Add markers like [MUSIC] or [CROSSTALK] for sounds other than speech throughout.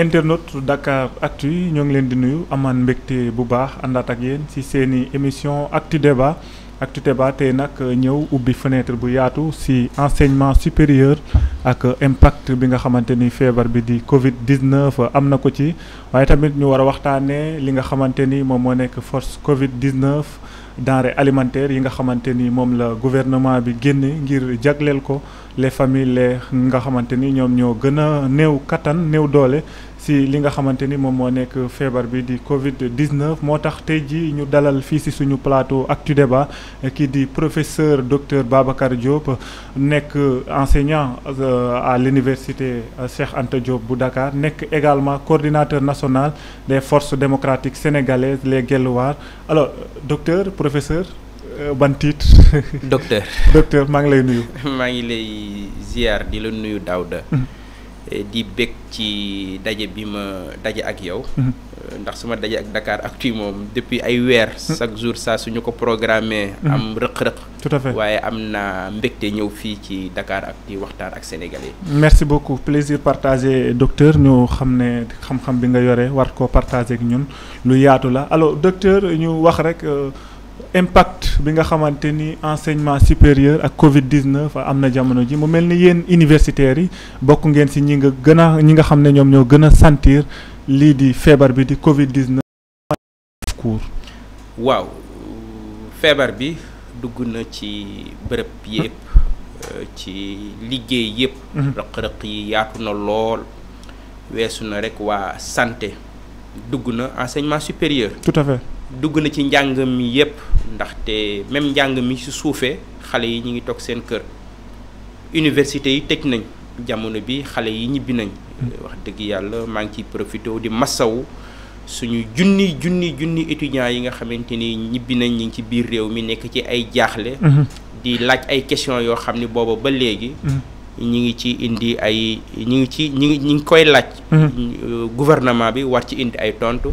internautes Dakar Actu ñoo ngi leen di nuyu amaan mbekté bu baax àndaat ak yeen ci seeni émission Actu Débat Actu Débat té nak ñew ubbi fenêtre bu yaatu ci enseignement supérieur ak impact bi nga xamanteni fièvre bi di Covid 19 amna ko ci waye tamit ñu wara waxtané li nga xamanteni mom mo nek force Covid 19. denrées alimentaires yi nga xamanteni mom la gouvernement bi génné ngir jagleel ko les familles les nga xamanteni ñom ñoo gëna a néew kattan doolé si li nga xamanteni mom mo nek febar bi di Covid 19 motax tax nous ñu dalal fi ci suñu plateau Actu Débat kii di professeur docteur Babacar Diop nek enseignant euh, à l'université euh, Cheikh Anta Diop bu Dakar nek également coordinateur national des forces démocratiques sénégalaises les Guelwaar alors docteur professeur euh, ban titre. docteur [LAUGHS] docteur maa ngi lay nuyu. [LAUGHS] maa ngi lay ziar di la nuyu Daouda. Mm. Eh, di bég ci dajé bi ma ak yow. Mhm. Eh, ndax suma dajé ak Dakar Actu mom depuis ay weer. Mhm. chaque jour ça suñu ko programmé. Mhm. am rëq-rëq. tout à fait waye amna na ñëw fi ci Dakar Actu waxtaan ak sénégalais. merci beaucoup plaisir partagé docteur ñu xamné xam-xam bi nga yoré war ko partagé ak ñun lu yaatu la alors docteur ñu wax rek. Euh, impact bi nga xamante ni enseignement supérieur ak Covid 19 am na jamono ji mu mel ni yéen universitaires yi bokk ngeen si ñi nga gën a ñi nga xam ne ñoom ñoo gën a sentir lii di feebar bi di Covid 19. waaw feebar bi dugg na ci bërëb yépp euh, ci liggéey yépp. Mhm. rëq-rëq yi yaatu na lool weesu na rekk waa santé dugg na enseignement supérieur. tout à fait. dugg na ci njàng mi yépp ndaxte même njàng mi si suufee xale yi ñu ngi toog seen kër université yi tëj nañ jamono bi xale yi ñibbi nañ wax dëgg yàlla maa ngi ciy profité di masawu suñu junni junni junni étudiants yi nga xamante ni ñibbi nañ ñi ngi ci biir réew mi nekk ci ay jaaxle mhm. di laaj ay questions yoo xam ni booba ba léegi mhm. ñi ngi ci indi ay ñi ngi ci ñi ngi ñi ngi koy laaj mhm. gouvernement bi war ci indi ay tontu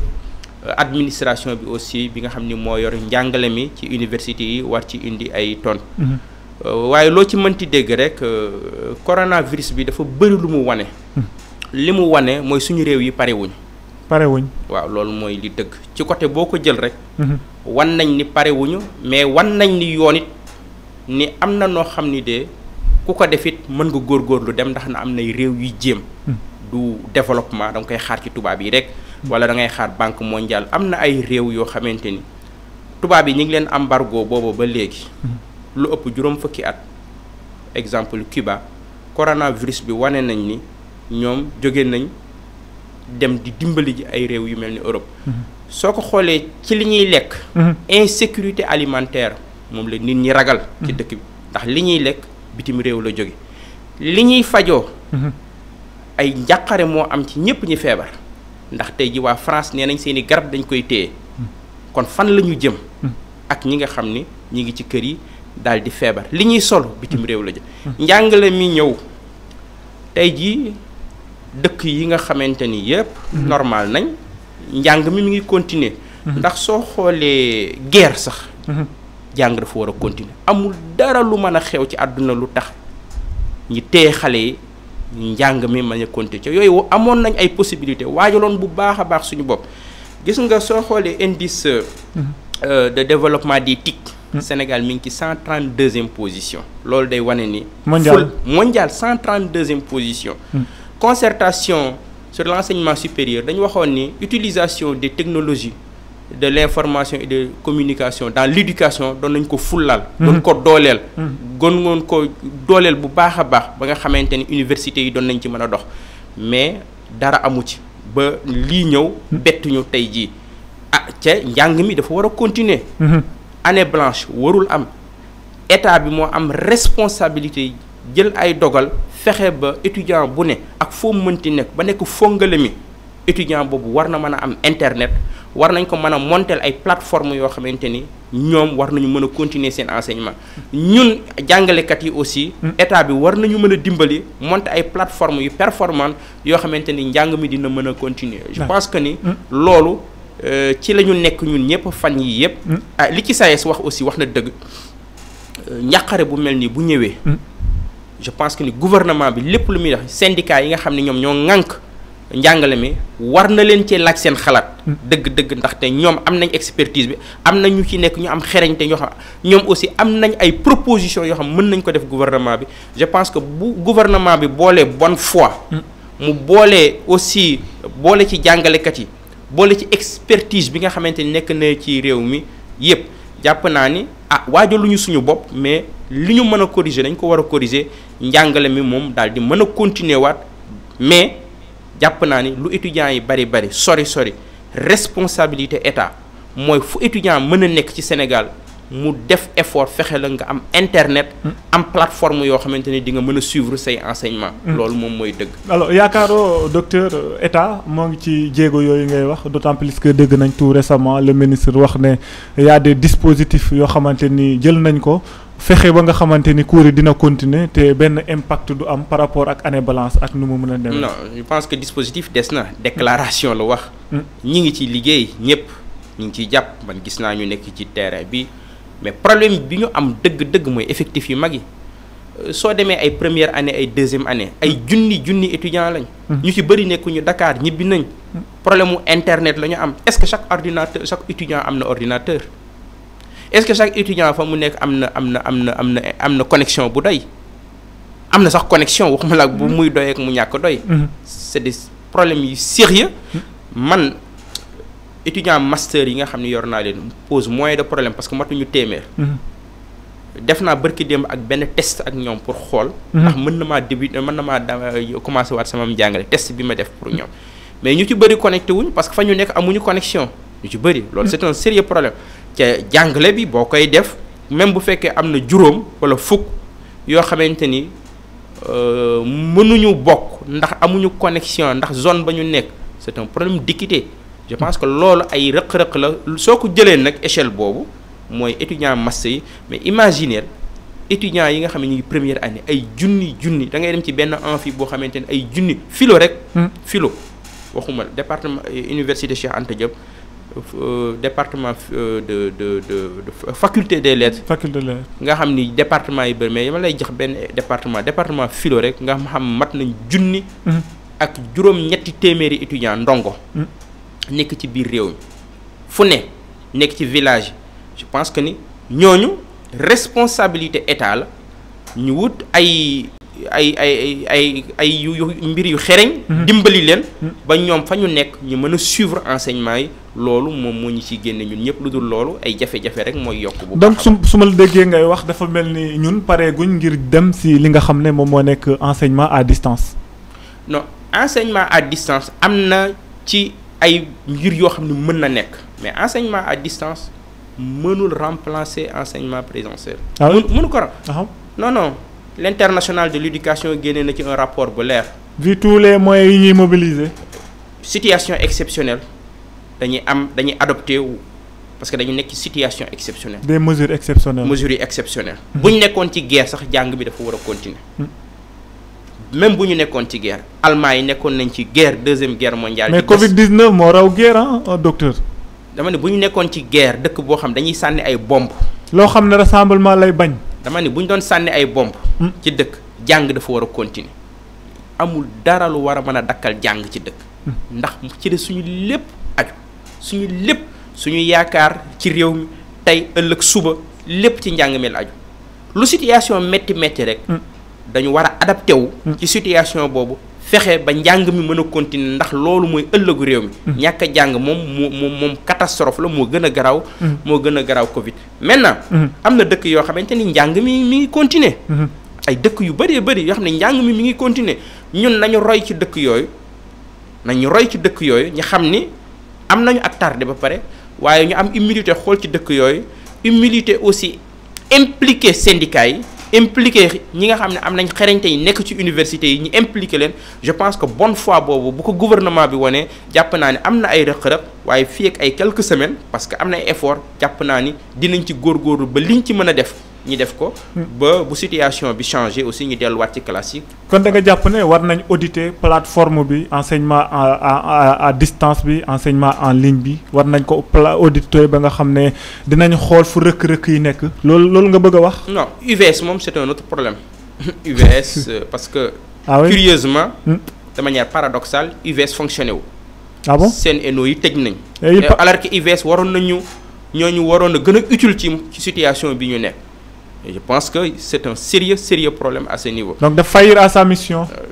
administration bi aussi bi nga xam ni moo yor njàngale mi ci université yi war ci indi ay tonnes. Mhm. Euh, waaye loo ci mënti dégg rek euh, coronavirus bi dafa bëri lu mu wane. Mhm. li mu wane mooy suñu réew yi pare parewuñ waaw loolu mooy li dëgg ci côté boo ko jël rek. Mhm. wan nañ ni parewuñu mais wan nañ ni yoon it ni am na noo xam ni de ku ko def it mën nga góor góor lu dem ndax na am nay réew yuy jéem. du développement da nga koy xaar ci tubaab yi rek wala da ngay xaar banque mondiale am na ay réew yoo xamante ni tubaab yi ñu ngi leen embargo boobu ba léegi mm-hmm. lu ëpp juróom fukki at exemple Cuba coronavirus bi wane nañ ni ñoom jóge nañ dem di dimbali ji ay réew yu mel ni Europe mm-hmm. soo ko xoolee ci li ñuy lekk mm-hmm. insécurité alimentaire moom la nit ñi ragal ci dëkk bi ndax li ñuy lekk bitim réew la jóge li ñuy fajoo ay njaqare mo am ci ñepp ñi febar ndax tay ji wa France nenañ seeni garab dañ koy téye kon fan lañu jëm ak ñi nga xamni ñi ngi ci kër yi dal di febar li ñuy solo bitim rew la jëm njàngale mi ñew tay ji dekk yi nga xamanteni ni yépp normal nañ njang mi mi ngi continuer ndax so xolé guerre sax jang dafa war a continuer amul dara lu mëna xew ci aduna lu tax ñi téye xalé njàng mi mën a ci ca yooyu amoon nañ ay possibilité wajalon bu baaxa baax suñu bop gis nga so xolé indice euh, mm-hmm. de développement des TIC mm-hmm. Sénégal mi ngi 132e position loolu day wané ni mondial mondial cent trente position mm. concertation sur l'enseignement supérieur dañ waxoon ni utilisation des technologies de l'information et de communication dans l'éducation dans nañ ko dans le ko mhm. dans gon ngoon ko dooleel mhm. université mais dara amu ci ba mhm. ah, continuer année blanche warul am état bi am responsabilité jël ay dogal fexé ba étudiant bu ne ak fo mënti nek ba am internet war nañ ko mën a monter ay plateforme yoo xamante ni ñoom war nañu mën a continuer seen enseignement ñun jàngalekat yi aussi hmm. état bi war nañu mën a dimbali monter ay plateforme yu performant yoo xamante ni njàng mi dina mën a continuer je pense que ni hmm. loolu euh, ci la ñu nekk ñun ñëpp fan yi yëpp hmm. ah, li ci su e wax aussi wax na dëgg euh, njàqare bu mel nii bu ñëwee je pense que ni gouvernement bi lépp lu muy wax syndicat yi nga xam ne ñoom ñoo ŋànk njàngale mi war na leen cee laaj seen xalaat. Mm. dëgg-dëgg ndaxte ñom am nañ expertise bi am na ñu ci nek ñu am xereñte ñoo xam ñoom aussi am nañ ay proposition yo xam mën nañ ko def gouvernement bi je pense que bu gouvernement bi bolé bonne foi. Mm. mu bolé aussi bolé ci jàngalekat yi bolé ci expertise bi nga xamante nek na ci réew mi yépp japp naa ni ah waajaluñu suñu bopp mais li ñu mën a corriger dañ ko war a corriger njàngale mi moom daal di mën a continuer waat mais jàpp lu étudiants yi bari bari sori sori responsabilité état mooy fu étudiant mën a nekk ci Sénégal mu def effort fexe la nga am internet. Mm. am plateforme yoo xamante ni di nga mën a suivre say enseignement mm. loolu moom mooy dëgg. alors yaakaaroo docteur état moo ngi ci jéego yooyu ngay wax d'autant plus que dégg nañ tout récemment le ministre wax ne y a des dispositifs yoo xamante ni jël nañ ko fexé ba nga xamante ni cours dina continuer té benn impact du am par rapport ak année balance ak nu mu mën a non je pense que dispositif des na déclaration la wax. Mm. ñi ngi ci liggéey ñëpp ñi ngi ci japp man gis na ñu nekk ci terrain bi mais problème bi ñu am deug deug moy effectif yu magi euh, so démé ay première année ay deuxième année ay junni junni étudiant lañ. Mm. ñu ci bari nekku ñu Dakar ñibbi nañ. Mm. problème internet lañu am est-ce que chaque ordinateur chaque étudiant am na ordinateur est-ce que chaque étudiant fa mu nekk amna amna amna amna am connexion bu doy amna sax connexion waxuma la bu mm-hmm. muy doy ak mu ñak doy. Mm-hmm. c'est des problèmes yu sérieux mm-hmm. man étudiant master yi nga xamni yor na leen pose moins de problème parce que ñu téeméer. def na barki demb ak ben test ak ñom pour xol ndax mën na ma début, mën na ma euh, commencer wat sama jàngale test bi ma def pour ñom mais ñu ci bëri connecté wuñ parce que fa ñu nek amuñu connexion ñu ci bëri. loolu c'est un sérieux problème bi def même bu fekkee amna na wala suis yo euh mënuñu bok ndax amuñu connexion ndax zone bañu c'est un problème d'équité je pense que année, ay est en la soko nak échelle bobu moy étudiant en mais imaginez étudiant yi nga xamné première année ay junni junni da ngay dem ci amphi ay philo rek. philo hmm. waxuma département euh, université Cheikh Anta Diop. Euh, département euh, de, de, de, de faculté des lettres. faculté des lettres. nga xamni département yi bëri mais yama lay jox ben département département philo rek nga xam mat nañ junni. Mhm. ak juróom-ñetti téeméeri étudiants ndongo. Mhm. nekk ci biir réew mi fu ne nekk ci village je pense que ni ñooñu responsabilité état la ñu wut ay. Il y mbir yu dimbali ba suivre enseignement donc la déggee ngay wax dafa mel ni ñun pareeguñ ngir dem si li nga enseignement à distance. non enseignement à distance am ci ay mbir yoo mais enseignement à distance mënul remplacer enseignement présentiel. Ah ah. non non l'international de l'éducation a un rapport bu vu tous les moyens immobilisés. situation exceptionnelle dañuy am adopté parce que dañu nekk ci situation exceptionnelle. des mesures exceptionnelles. mesures exceptionnelles. Si nous ci guerre sax guerre bi dafa continuer. même si nous contre ci guerre l'Allemagne yi contre nañ guerre deuxième guerre mondiale. mais Covid 19 moo une guerre hein, docteur. Si nous bu une guerre nous avons xam dañuy Nous ay bomb rassemblement lay dama ne bu ñu doon sànni ay bomb hmm. ci dëkk jàng dafa war a continuer amul dara lu war a mën a dakkal jàng ci dëkk hmm. ndax ci de suñu lépp aju suñu lépp suñu yaakaar ci réew mi tey ëllëg suba lépp ci njàng mi la aju lu situation métti métti rek hmm. dañu war a adapté wu ci situation boobu fexe ba njàng mi mën a continuer ndax loolu mooy ëllëgu réew mi mm-hmm. ñàkk jàng moom moo moom moom catastrophe la moo gën a garaw mm-hmm. moo gën a garaaw Covid maintenant mm-hmm. am na dëkk yoo xamante ni njàng mi mi ngi continuer ay dëkk yu bëree bëri yoo xam ne njàng mi mi ngi continuer ñun nañu roy ci dëkk yooyu nañu roy ci dëkk yooyu ñu xam ni am nañu ak tardé ba pare waaye ñu am humilité xool ci dëkk yooyu humilité aussi impliqué syndicats yi impliqué ñi nga xamné am nañ xereñte yi ci université yi ñu impliqué leen je pense que bonne fois bobu bu ko gouvernement bi woné japp naa ni am ay rek rek waye fi ak ay quelques semaines parce que amna ay effort japp naa ni dinañ ci góorgóorlu ba liñ ci mëna a def ñi def ko. ba bu situation bi changé aussi Ni delluwaat ci classique. Quand da nga jàpp ne war nañ auditer plateforme bi enseignement à à distance bi enseignement en ligne bi war nañ ko auditer ba nga xamné ne dinañ xol fu rek rek yi nek lolou nga bëgg wax. non UVS mom c'est un autre problème UVS [LAUGHS] euh, parce que. Ah curieusement. Hmm? de manière paradoxale UVS fonctionné ah bon C'est eno yi tej nañ. Eh, alors que UVS waroon nañu ñooñu waroon gëna utile ci situation bi ñu nekk. Et je pense que c'est un sérieux, sérieux problème à ce niveau. Donc de faillir à sa mission euh,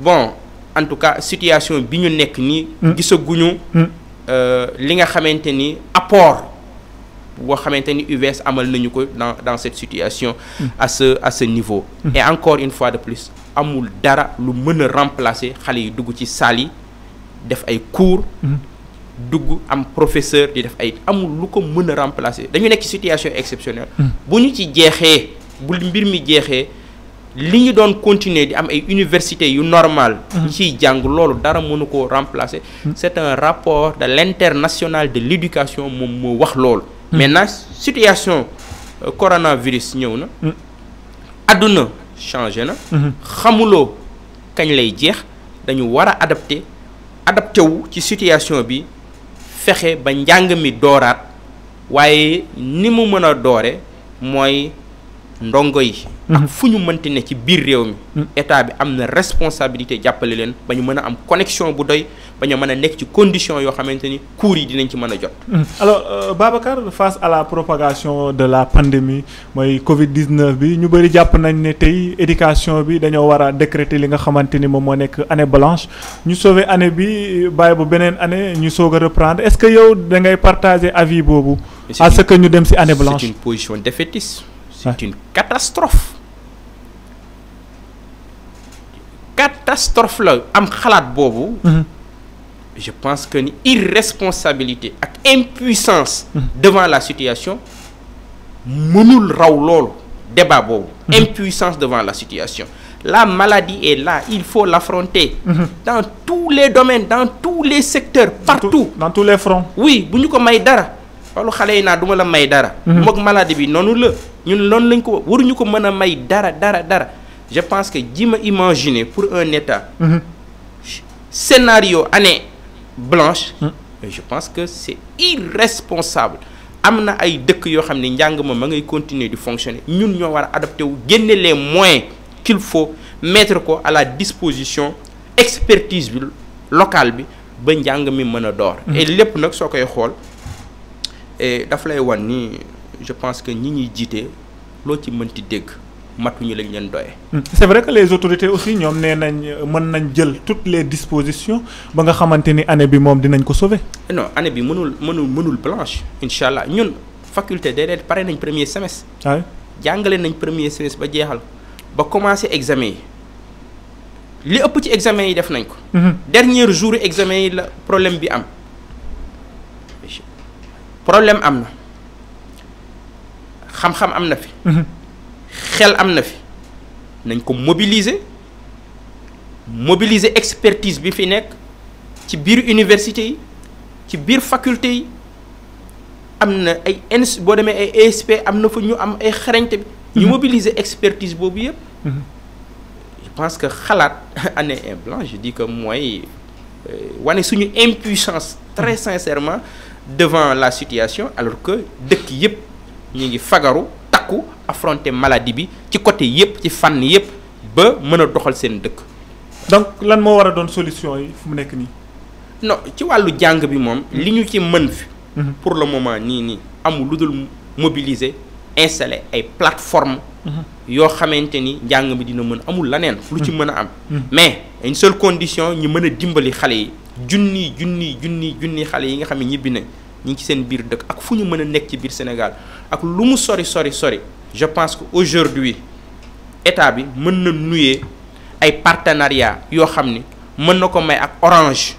Bon, en tout cas, situation bi ñu nekk nii. Mm. Mm. euh li nga apport boo xamanteni ni UVS amal nañu ko dans dans cette situation. Mm. à ce à ce niveau. et encore une fois de plus amul dara lu mën remplacer xale yi dugg ci sali def ay cours dugg am professeur di def ay amul lu ko mën a remplacer dañu nekk situation exceptionnelle. Hmm. bu ñu ci jeexee bu mbir mi jeexee li ñu continuer di am ay université yu normal qui hmm. ciy jàng loolu dara mënu ko remplacer. Hmm. c'est un rapport de l'international de l'éducation moom moo wax loolu. maintenant situation euh, coronavirus ñëw na. adduna changé na. xamuloo kañ lay jeex dañu war a adapté adapté wu ci situation bi fexe ba njàng mi dooraat waaye ni mu mën a doore mooy ndongo yi fuñu fu ñu mënti ne ci biir réew mi mm. état bi amna responsabilité jappalé leen bañu mëna am connexion bu doy bañu mëna nek ci condition yo xamanteni cour cours yi dinañ ci mëna jot mm. alors euh, Babacar face à la propagation de la pandémie moy covid 19 bi ñu bari japp nañ né tay éducation bi dañu wara décréter li nga xamanteni ni mo nek année blanche ñu sauver année bi baye bu benen année ñu soga reprendre est-ce que yow da ngay partager avis bobu à ce que ñu dem ci année blanche c'est une position défaitiste c'est une catastrophe catastrophe là am mhm. je pense que ni irresponsabilité et impuissance. Mhm. devant la situation mënul raw loolu débat mhm. impuissance devant la situation. La maladie est là, il faut l'affronter. Dans tous les domaines, dans tous les secteurs, partout. Dans, tous les fronts. Oui, si nous sommes dara. Walu xalé na duma la may dara. Mok maladie bi nonu Ñun non je pense que jima pour un État un mhm. scénario année blanche mhm. je pense que c'est irresponsable Je pense ay deuk yo xamni ne ma continuer de fonctionner Nous devons adapter, wu les moyens qu'il faut mettre ko à la disposition expertise locale bi ba nous mi mën mhm. et les nak sokay xol Et eh, daf lay wone ni je pense que ñi ñi jité lo ci mënti dégg Hmm. c'est vrai que les autorités aussi toutes les dispositions ba nga sauver. non année bi mënul mënul mënul faculté paré nañ premier semestre. Ah nañ premier semestre ba ba commencer examen li examen hmm. dernier jour examen problème bi problème am xel am fi nañ ko mobiliser mobiliser expertise bi fi nek ci biir université yi ci biir faculté yi am ay ins bo demee ay ESP am na fa ñu am ay xarañte bi ñu mhm. mobiliser expertise bobu yépp mhm. je pense que xalaat [LAUGHS] année blanche je dis que moy euh, wane suñu impuissance très mhm. sincèrement devant la situation alors que dëkk yépp ñi ngi fagaru Taku affronter maladie bi ci côté yépp ci fan yépp ba mëna doxal sen dëkk. donc lan mo wara don solution yi fu nek ni non ci walu jang bi mom mhm. liñu ci mën fi. Mhm. pour le moment ni ni. amu lu mobiliser installer ay plateforme. Mhm. yo xamanteni jang bi dina mën amul lanen lu ci mëna am. mais une seule condition ñu mëna dimbali xalé yi junni junni junni junni xalé yi nga xam ñi ci seen biir dëkk ak fu ñu mën a nekk ci biir Sénégal ak lu mu sori sori sori je pense que aujourd'hui état bi mën na nuyee ay partenariat yoo xam ni mën na ko may ak Orange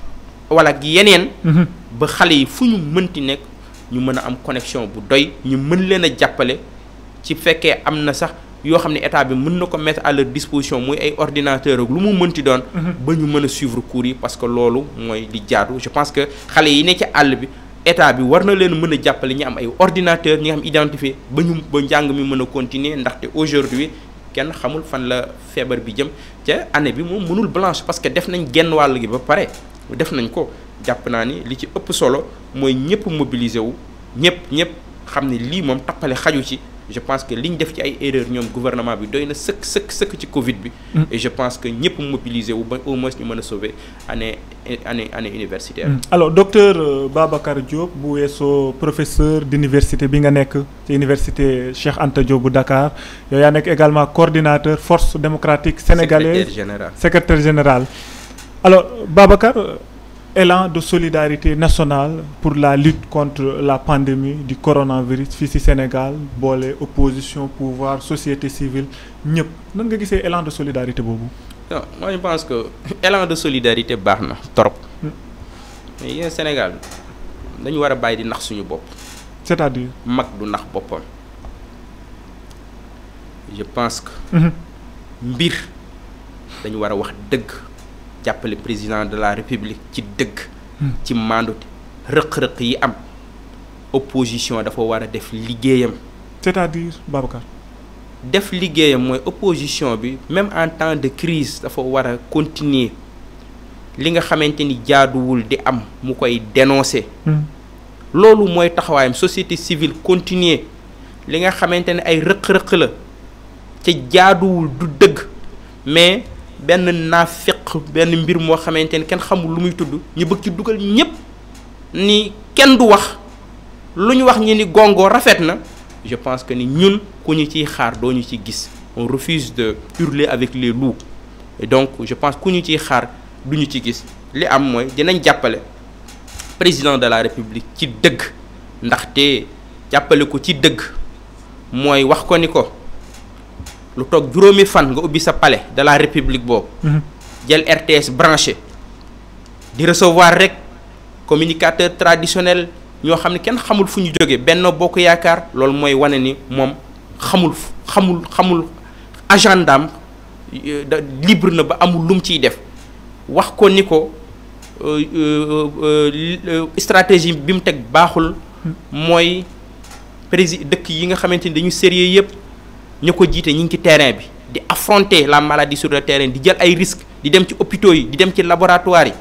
wala ak yeneen mhm. ba xale yi fu ñu mënti nekk ñu mën a am connexion bu doy ñu mën leen a jàppale ci fekkee am na sax yoo xam ne état bi mën na ko mettre à leur disposition muy ay ordinateur ak lu mu mënti doon mhm. ba ñu mën a suivre cours yi parce que loolu mooy li jaadu je pense que xale yi ne ci àll bi état bi war na leen mën a jàppale ñu am ay ordinateur ñi nga xam identifié ba ñu ba njàng mi mën a continuer ndaxte aujourd'hui kenn xamul fan la feebar bi jëm ca année bi moom mënul blanche parce que def nañ genn wàll gi ba pare def nañ ko jàpp naa ni li ci ëpp solo mooy ñëpp mobiliser wu ñëpp ñëpp xam ni lii moom tappale xaju ci je pense que li qui def ci ay erreurs du gouvernement bi doy ce que c'est que ci Covid mm. et je pense que pouvons mobiliser ou au moins ñu pouvons sauver année année universitaire. Mm. alors docteur euh, Babacar Diop bu êtes professeur d'université Binganek, bi nga Cheikh Anta Diop bu Dakar et yaa également coordinateur force démocratique sénégalaise secrétaire général secrétaire général alors Babacar. Euh, élan de solidarité nationale pour la lutte contre la pandémie du coronavirus ici au Sénégal Bolé opposition pouvoir société civile ñep. nan nga gissé élan de solidarité bobu? non moi je pense que [LAUGHS] élan de solidarité est trop. Hmm. mais au Sénégal dañu wara a di nax suñu c'est-à-dire. mak du nax je pense que. Hmm. mbir dañu wara wax deug le président de la république ci dëgg. Hmm. ci maandute rëq-rëq yi am opposition dafa war def ligueyam. c'est-à-dire Babacar. def ligueyam mooy opposition bi même en temps de crise dafa wara continuer li nga xamante ni di am mu koy dénoncer. Hmm. loolu moy taxawaayam société civile continuer li nga xamante ay rëq-rëq la ci jaaduwul du deug mais ben nafiq ben mbir mo xamante ni xamul lu muy tudd ñu bëgg ci duggal ñëpp ni ken du wax lu ñu wax ñi ni gongo rafet na je pense que ni ñun ku ñu xaar doo ñu ci gis on refuse de hurler avec les loups et donc je pense ku ñu ciy xaar du ñu ci gis li am moy dinañ jappalé président de la république ci dëgg ndaxte jappalé ko ci dëgg mooy wax ko ni ko lu toog juróomi fan nga ubbi sa palais de la république boobu. Mhm. jël RTS branché di recevoir rek communicateur traditionnel ñoo xam ne kenn xamul fu ñu jógee Benno Bokk Yaakaar loolu mooy wane ni moom xamul xamul xamul agenda, euh, libre na ba amul lum ciy def wax ko ni ko euh, euh, stratégie bi mu teg baaxul mhm. mooy président dëkk yi nga xamante ni dañu sérieux yëpp ña ko jiite ñi ci terrain bi di affronter la maladie sur le terrain di jël ay risque di dem ci hôpitaux yi di dem ci laboratoire yi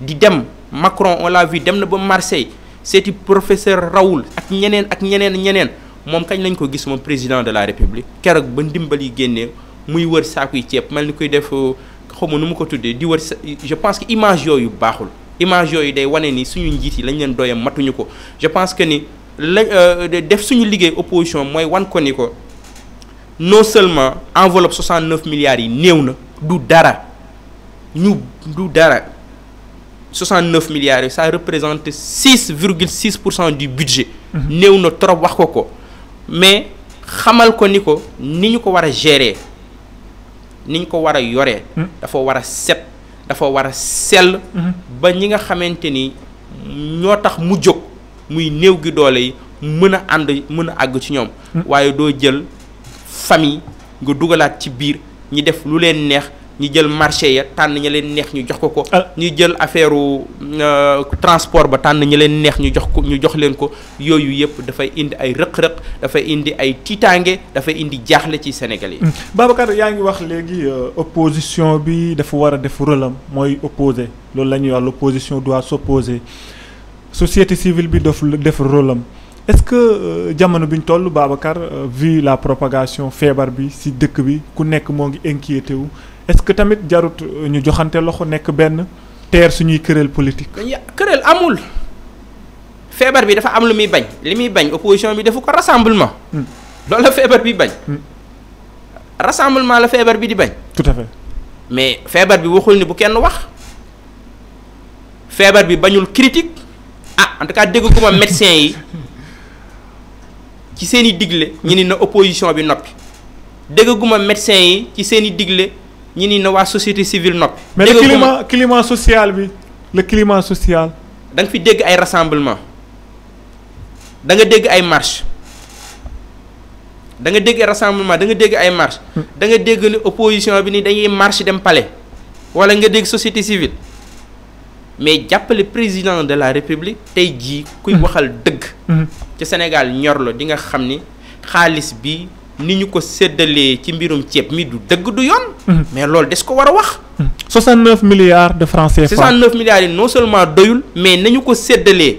di dem Macron on l'a vu dem na ba Marseille seeti professeur Raoul ak ñeneen ak ñeneen ñeneen mom kañ lañ ko gis moom président de la République kérok ba ndimbal yi génnee muy wër saaku yi ceeb mel ni koy def euh, xamu numu ko tuddee di wër je pense que image yooyu baxul image yooyu day wané ni suñu njiit yi lañ leen doyam matuñu ko je pense que ni euh, def suñu liggéey opposition mooy wan ko ni ko non seulement enveloppe 69 milliards yi néew na du dara ñu du dara 69 milliards yi ça représente 6 virgule 6 pour cent du budget mhm. néew na trop wax ko ko mais xamal ko ni ko ni ñu ko war a gérer ni ñu ko war a yoree mhm. dafa war a set dafa war a sell mhm. ba ñi nga xamante ni ñoo tax mu jóg muy néew gi doole yi mën a ànd mën a àgg ci ñoom waaye doo jël famille nga dugalaat ci biir ñi def lu leen neex ñu jël marché ya tànn ña leen neex ñu jox ko ko. Ah. ñu jël affaire euh, transport ba tànn ña leen neex ñu jox ko ñu jox leen ko yooyu yëpp dafay indi ay rëq-rëq dafay indi ay tiitaange dafay indi jaaxle ci Sénégal yi. Hmm. Babacar yaa ngi wax léegi euh, opposition bi dafa war a def rôle am mooy opposé loolu la ñuy wax l'opposition doit s'opposer société civile bi daf def rôle est-ce que euh, jamono bi ñu Babacar euh, vu la propagation feebar bi ci dëkk bi ku nekk mo ngi inquiété wu est-ce que tamit jarut euh, ñu joxante loxo nekk benn teer suñuy këral politique. këral amul feebar bi dafa am lu muy bañ li muy bañ opposition bi defu ko rassemblement. Hmm. loolu la feebar bi bañ. Hmm. rassemblement la feebar bi di bañ. tout à fait mais feebar bi waxul ni bu kenn wax feebar bi bañul critique ah en tout cas dégg ko ma médecin yi. [LAUGHS] ci s'est diglé, digle ni na opposition bi nopi. déggaguma médecin yi ci s'est dit que les ni na waa société civile nopi. mais le climat climat social bi le climat social. da nga fi dégg ay rassemblement da nga dégg ay marche da nga dégg rassemblement da nga dégg ay marche da nga dégg ni opposition bi ni dañuy marche dem palais wala nga dégg société civile mais le président de la république tey jii kuy mm-hmm. waxal dëgg mm-hmm. Le Sénégal di nga bi ko ci mbirum mhm. mais lool des ko 69 mhm. milliards de francs CFA. 69 milliards non seulement doyul mais nañu ko de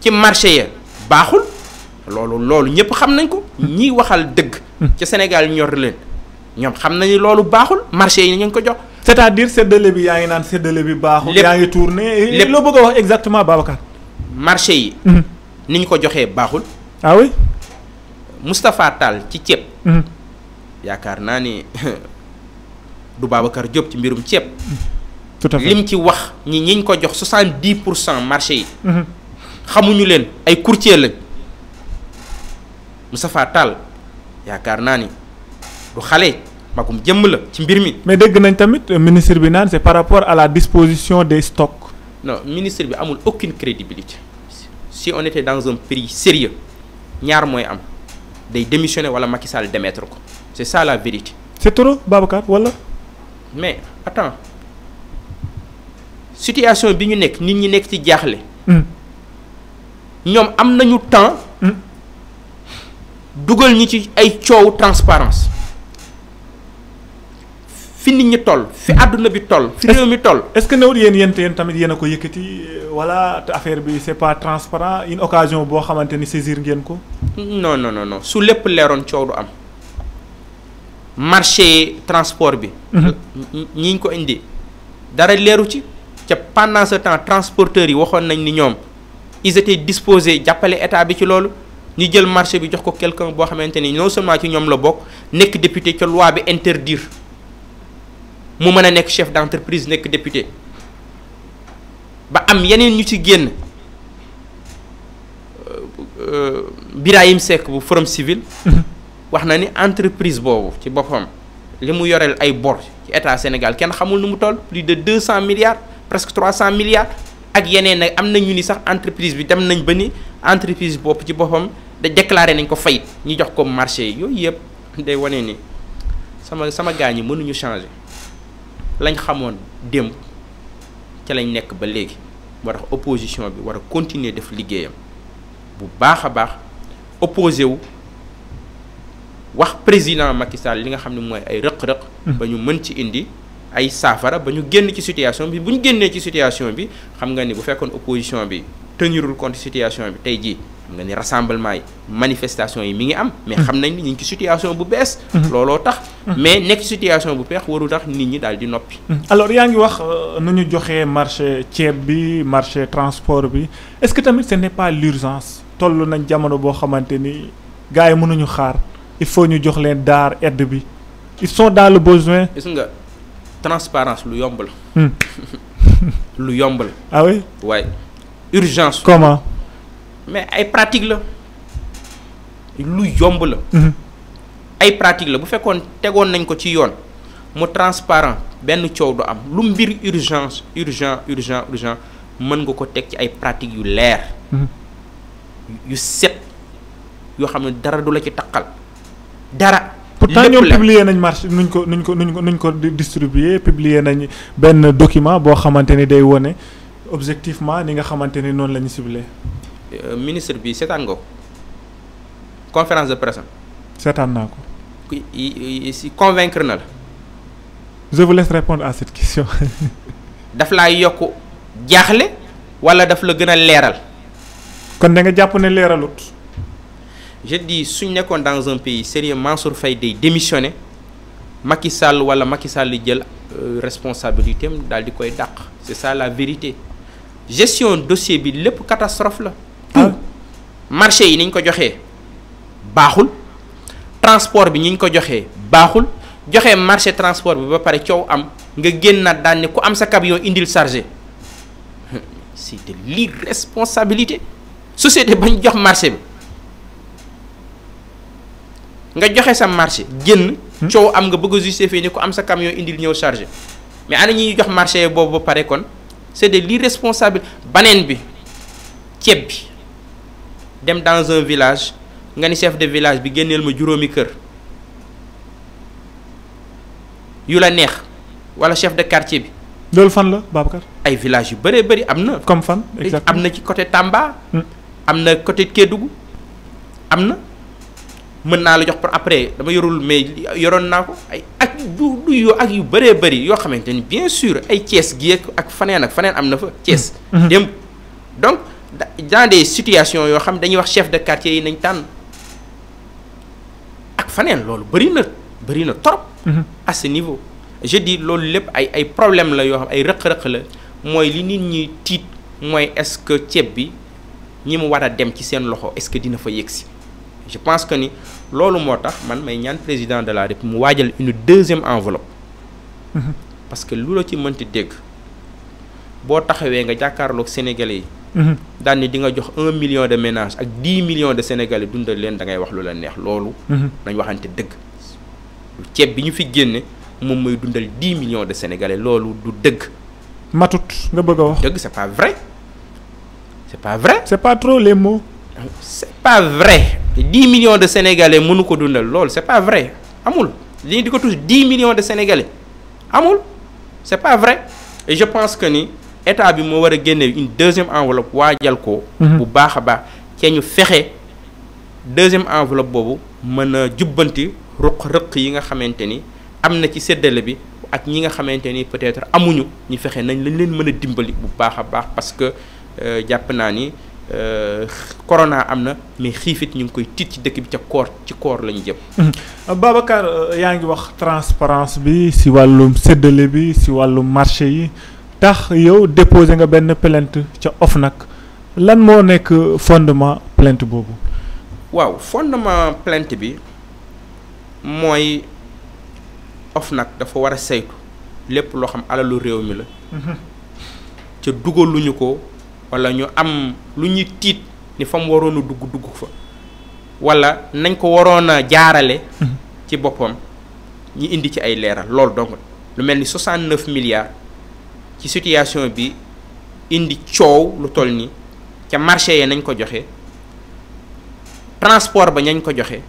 ci marché ya baaxul loolu loolu ñëpp xam nañ ko. Mhm. ñi waxal ci Sénégal ñor leen ñom xam nañ loolu baaxul marché yi ñu c'est-à-dire que bi yaa que bi exactement Babacar. marché ni ko joxé baxul ah oui. mustapha Tall ci ceeb. Mm-hmm. yaakaar naa ni du Babacar Diop ci mbirum ceeb. Mm-hmm. tout à fait lim ci wax ñi ñiñ ko jox 70% marché yi. Mm-hmm. xamuñu len ay courtier lañ mustapha Tall yakar naa ni du xalé makum jëm la ci mbir mi. mais dégg nañ tamit ministre bi naan c'est par rapport à la disposition des stocks. non ministre bi amul aucune crédibilité si on était dans un pays sérieux ñaar mooy am day démissionner wala Macky Sall démettre c'est ça la vérité. c'est trop Babacar voilà. mais attends situation est ñu nekk nit ñi nekk ci jaaxle. Hmm. ñoom am nañu temps. Hmm. de faire ci ay transparentes. transparence fi nit ñi toll fi àdduna bi toll fi réew mi toll est-ce que newul yéen yéen yéen tamit yéen a ko yëkkati euh, voilà te affaire bi c'est pas transparent une occasion boo xamante ni saisir ngeen ko non non non non su lépp leeroon coow du am marché transport bi mhm. ñi ngi ko indi dara leeru ci ca pendant ce temps transporteurs yi waxoon nañ ni ñoom ils étaient disposés jàppale état bi ci loolu ñu jël marché bi jox ko quelqu'un boo xamante ni non seulement ci ñoom la bokk nekk député ca loi bi interdire mu mën a nekk chef d'entreprise nekk député ba am yeneen ñu ci génn euh, Birahim Seck bu Forum Civil [LAUGHS] wax na ni entreprise boobu ci boppam li mu yoreel ay bor ci état Sénégal kenn xamul nu mu toll plus de 200 milliards presque 300 milliards ak yeneen nag am na ñu ni sax entreprise bi dem nañ ba ni entreprise bopp ci boppam da déclaré nañ ko fayit ñu jox ko marché yi yooyu yëpp day wane ni sama sama gars ñi mënuñu changer. lañ xamoon démb ca lañ nekk ba léegi moo tax opposition bi war a continuer def liggéeyam bu baax a baax opposé wu wax président Macky Sall li nga xam ne mooy ay rëq-rëq. Hmm. ba ñu mën ci indi ay saafara ba ñu génn ci situation bi bu ñu génnee ci situation bi xam nga ni bu fekkoon opposition bi. tenirul compte situation bi tey jii nga ni rassemblement yi manifestation yi mi ngi am mais xam nañ ni ñu ngi ci situation bu bees mhm. looloo tax mhm. mais nekk situation bu peex warul tax nit ñi daal noppi mhm. alors yaa ngi wax euh, nu ñu joxee marché ceeb bi marché transport bi est-ce que tamit ce n'est pas l'urgence tollu nañ jamono bo xamanteni gaay gars yi mënuñu xaar il faut ñu jox leen daar aide bi ils sont dans le besoin gis nga transparence lu yomb la hmm. [LAUGHS] lu yomb la ah oui waaye urgence. comment. mais ay pratique la lu yomb la. Mhm. ay pratique là bu nañ ko ci mu transparent ben du am lu mbir urgence urgent urgent urgent mën nga ko ci ay pratique yu leer. Mhm. yu set yo xamne dara du la dara. pourtant nous publier nañ marché nuñ ko nuñ ko nuñ ko nuñ ko distribuer publier nañ document bo xamanteni day objectivement ni nga xamante non lañu la ciblé. Euh, ministre bi seetaan nga conférence de presse. sétan nako si convaincre na la. je vous laisse répondre à cette question. [LAUGHS] daf la yokk jaxlé wala daf la gëna léral kon da nga japp né leeralut. je dis suñ nekkoon dans un pays sérieux Mansour fay day démissionner Macky Sall wala Macky Sall jël euh, responsabilité am daal di koy dakk c'est ça la vérité gestion dossier bi une catastrophe la le ah. marché yi ko transport bi niñ ko marché transport bi ba paré ciow am nga le camion chargé [LAUGHS] c'est de l'irresponsabilité société bañ jox marché nga joxé sa marché génn hmm? nga justifier ni camion indil chargé mais ana ñi jox marché le ba c'est de l'irresponsable Banenbi. bi dans un village nga chef de village bi gennel ma juromi keur yu la chef de quartier bi. lol fan la Babacar. ay village yu comme fan exactement amna ci côté Tamba. Hmm. amna côté mën naa la jox pour après dama yorul mais yoroon naa ak du du yu ak yu bëree bëri yoo bien sûr ay Thiès gi ak faneen ak faneen am na fa mm-hmm. Mm-hmm. donc dans des situations xam dañuy wax chef de quartier yi nañ ak faneen loolu bëri na bëri na trop. Mm-hmm. à ce niveau je dis loolu lépp ay ay problème la yoo xam ay rëq-rëq la mooy li nit tiit mooy est-ce que ceeb bi ñi mu war a dem ci seen loxo est-ce que dina fa je pense que ni lolu motax man may ñaan président de la République mu waajal une deuxième enveloppe mhm. parce que lolu ci mën mënti dégg bo taxawé nga jàkkaarloog sénégalais yi mhm. daan ni di nga jox 1 million de ménages ak dix millions de sénégalais dundal leen da ngay wax lu la neex lolu mhm. nañ waxante dëgg ciéb bi ñu fi génné mom mooy dundal dix millions de sénégalais lolu du dëgg matut nga bëgg wax dëgg c'est pas vrai c'est pas vrai c'est pas trop les mots c'est pas vrai dix millions de sénégalais mënu ko dundal lol c'est pas vrai amul li diko tous 10 dix millions de sénégalais amul c'est pas vrai et je pense que ni état bi mo wara une deuxième enveloppe wadjal ko. Mhm. bu baax a ci ñu fexé deuxième enveloppe bobu meuna jubanti jubbanti rëq yi nga xamanteni amna ci séddale bi ak ñi nga xamanteni peut-être amuñu ñu fexé nañ lañ leen mën dimbali bu baax baax parce que euh, japp na ni. Euh, corona am na mais xiifit ñu ngi koy tiit ci dëkk bi ca koor ci koor la ñu jëm. Mm-hmm. Babacar euh, yaa ngi wax transparence bi si wàllum séddale bi si wàllum marché yi tax yow déposé nga benn plainte ca nag lan moo nekk fondement plainte boobu. waaw fondement plainte bi mooy nag dafa war a saytu lépp loo xam alalu réew mi la. Mm-hmm. ca dugaluñu ko. wala ñu am lu ñu tiit ni fam waroonu dugg dugg fa wala nañ ko warona jaarale mhm. ci boppam ñi indi ci ay leeral loolu dong lu mel ni 69 milliards ci situation bi indi coow lu toll ni ca marché ya nañ ko joxe transport ba ñañ ko joxe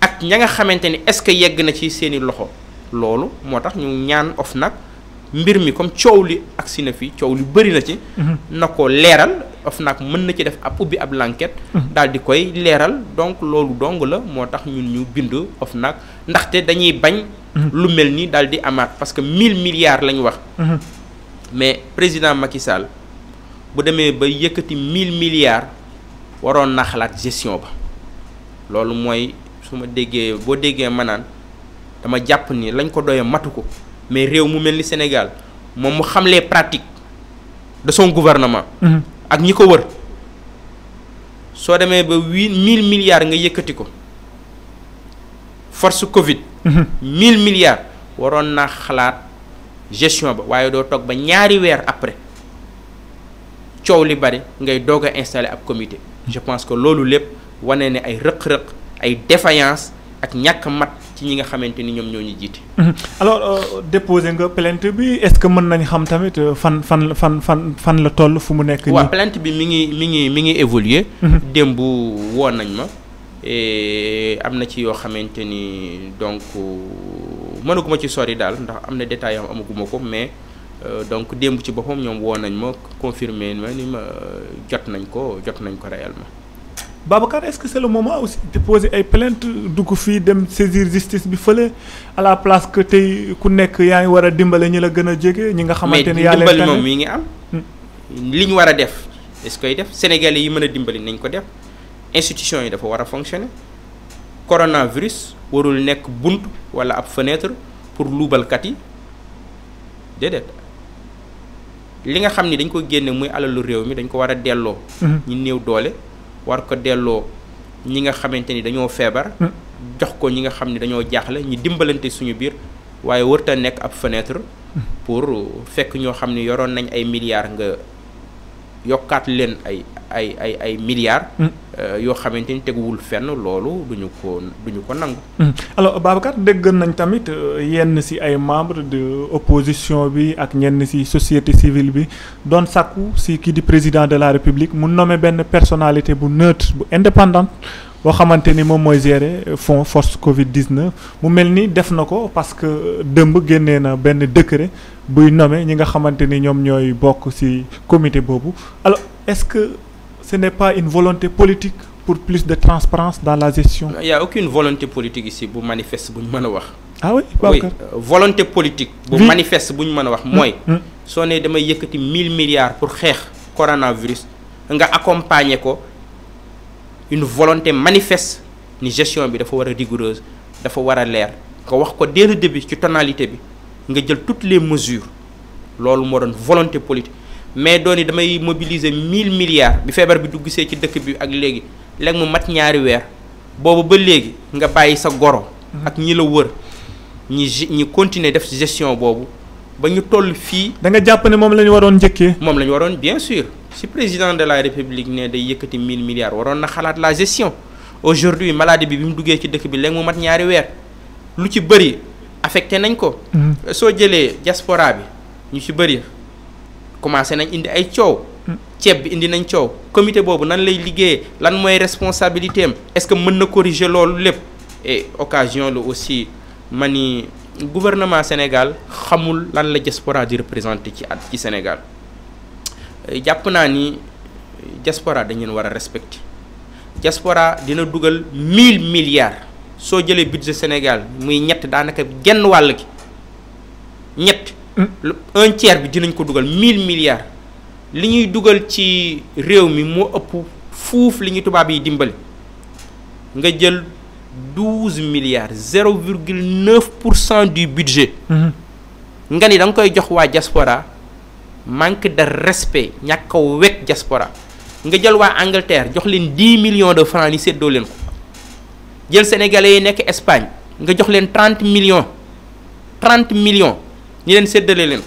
ak ña nga xamante ni est ce que yegg na ci seeni loxo loolu moo ñu ñaan of nag mbir mi comme coow li agsi na fi coow li na ci mhm. nako leral of nak mën na ci def ab ubi ab l'enquête mhm. dal di koy leral donc loolu dong la motax ñun ñu bind of ndax te dañuy bañ mhm. lu melni ni di amat parce que 1000 milliards lañ wax mais président Macky Sall bu démé ba yëkëti 1000 milliards waron na xalat gestion ba loolu moy suma déggé bo déggé manan dama japp ni lañ ko matuko mais réew mu melni Sénégal moom mu xam les pratiques de son gouvernement. Mhm. ak ñiko wër so démé ba 1000 milliards nga yëkëti ko force Covid. 1000 mhm. milliards waron na xalaat gestion ba waye do tok ba ñaari wër après ciow li bari ngay doga installer ab comité. je pense que lolu lepp wané né ay rëq-rëq ay défaillance ak ñak mat ci ñi nga xamante ni ñoom ñoo ñu jiite. Mhm. alors euh, déposé nga plainte bi est-ce que mën nañ xam tamit euh, fan fan fan fan fan la toll fu mu nekk. waaw plainte bi mi ngi mi ngi mi ngi évoluer. Mhm. démb woo nañ ma. am na ci yoo xamante ni donc euh, mënaguma ci sori daal ndax am na détails yoo xam amaguma ko mais. donc démb ci boppam ñoom woo nañ ma confirmé ma ni ma jot nañ ko jot nañ ko réellement. Babacar est-ce que c'est le moment aussi déposer ay plante dugg fii dem saisir justice bi fële à la place que tey ku nekk yaa ngi war a dimbale ñi la gën a jege. ñi nga xamante ni yaa leen dimbali moom mi ngi am. Hmm. li ñu war a def est-ce koy def sénégalais yi mën a dimbali nañ ko def institution yi dafa war a fonctionner coronavirus warul nekk bunt wala ab fenêtre pour luubalkat yi déedéet. li nga xam ni dañ ko génne muy alalu réew mi dañ ko war a delloo. Hmm. ñu néew doole. war ko delloo ñi nga xamante ni dañoo feebar hmm. jox ko ñi nga xam ni dañoo jaaxle ñu dimbalante suñu biir waaye wërta nekk ab fenêtre hmm. pour fekk ñoo xam ni yoroon nañ ay milliards nga yokkaat leen ay ay ay ay milliards. Mm. Euh, yoo xamante ni teguwul fenn loolu duñu ko duñu ko nangu. Mm. alors Babacar dégg nañ tamit euh, yenn ci ay membres de opposition bi ak ñenn ci société civile bi doon sàkku ci kii di président de la république mu nommé benn personalité bu neutre bu indépendante. boo xamante ni moom mooy gérer fonds force Covid 19 mu mel ni def na parce que dëmb génnee na benn décret buy nommé ñi nga xamante ni ñoom ñooy bokk ci comité boobu alors est-ce que ce n'est pas une volonté politique pour plus de transparence dans la gestion. il y a aucune volonté politique ici bu manifeste bu ñu mën a wax. ah oui oui volonté politique. bu manifeste bu ñu mën a wax mooy. Hum, hum. soo nee damay yëkkati 1000 milliards pour xeex coronavirus nga accompagner ko une volonté manifeste ni gestion bi dafa wara rigoureuse dafa wara a leer nga wax ko dès le début ci tonalité bi nga jël toutes les mesures loolu moo doon volonté politique mais dooni damay mobiliser mille milliards bi feebar bi dugg see ci dëkk bi ak léegi léegi mu mat ñaari weer boobu ba léegi nga bàyyi sa goro. ak ñi la wër ñi ñi continuer def gestion boobu ba toll fi da nga la bien sûr si président de la république pas de 1000 milliards na xalaat la gestion aujourd'hui maladie bi bi mu ci dëkk bi lég mu mat ñaari lu ci bëri affecté nañ ko. Mm-hmm. diaspora comité bobu nan lay responsabilité est-ce que mën corriger loolu et occasion aussi mani. gouvernement Sénégal xamul lan la diaspora di représenté ci at ci Sénégal euh, jàpp naa ni euh, diaspora dañ leen war a respecté diaspora dina dugal mille milliards soo jëlee budget Sénégal muy ñett daanaka genn wàll gi ñett. Mm. un tiers bi dinañ ko dugal mille milliards li ñuy dugal ci réew mi moo ëpp fuuf li ñuy tubaab yi dimbali nga jël. 12 milliards, 0,9% du budget. Mm -hmm. Vous avez dit diaspora manque de respect. Il y a une diaspora. Vous avez Angleterre, vous avez 10 millions de francs. Vous avez le Sénégalais et l'Espagne. Vous avez le 30 millions. 30 millions. Vous avez le Sénégalais.